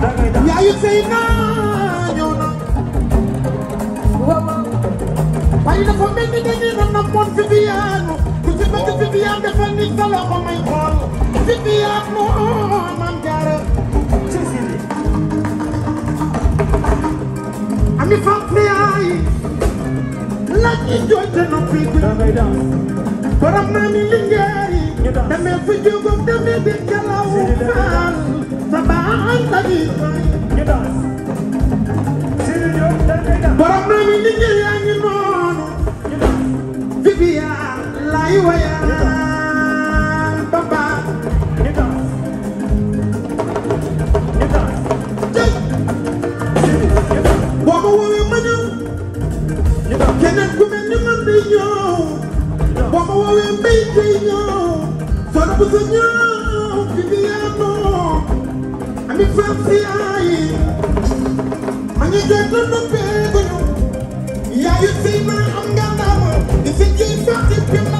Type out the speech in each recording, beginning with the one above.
Caribbean yaa yu sey naa ñëw na waaye dafa mel ni dañuy na nappoon Viviane ku ci bëgg Viviane dafa nit sa loxo may xool Viviane moo man jaara ami fan priyaay laaj yi jooy te noppi borom naa mi lingeer yi deme fi jugum deme bi jalaw faal sabaan tagi borom na mi liggéey bisogno viviamo anniversari ma ñu jot na bébé yaa yu si ma am nga ndam di si kii fàtte bi ma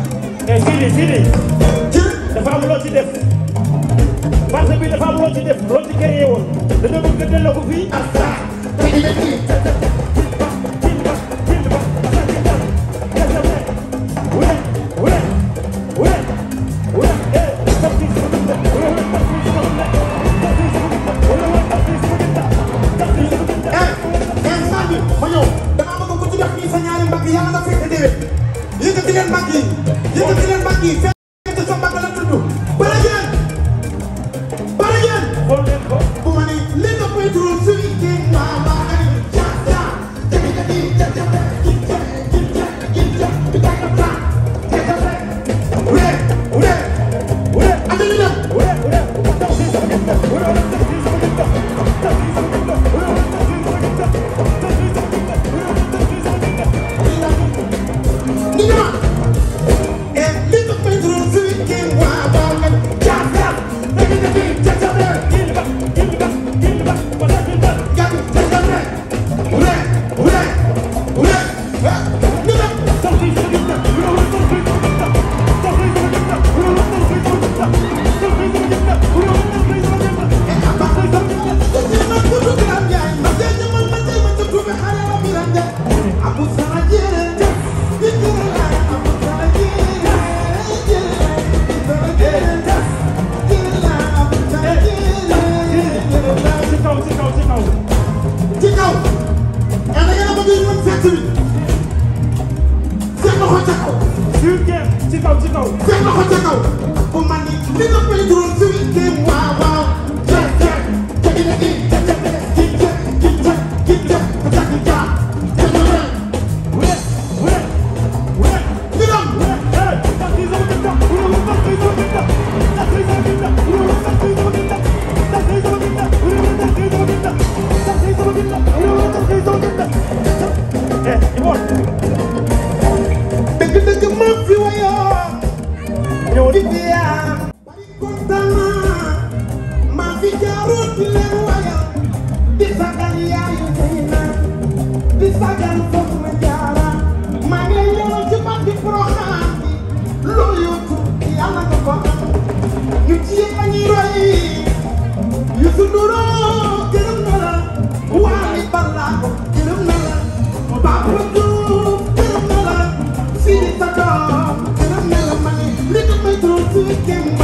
mais fii nii fii nii dafa am loo ci def marché bi dafa am loo ci def loo ci créé woon dañoo bëgg leen mbàkk yi yëkkati leen mbàkk yi loxo ca kaw. ci kaw ci kaw. seen loxo ca kaw. bu man ni li nga fay juróom fii. waaw waaw. ñëw di ziar. bari kontaan naa maa fi jaarul di leen wayal di sagal yaayu Zeyna di sagal Jaara maa ngi lay yoroon ci mag di programme bi loo yóotu yàlla nga ko am ñu ci yu sunduroo gërëm na la waali balaa gërëm na la Papa Diouf gërëm na la Sidi sa doom Give me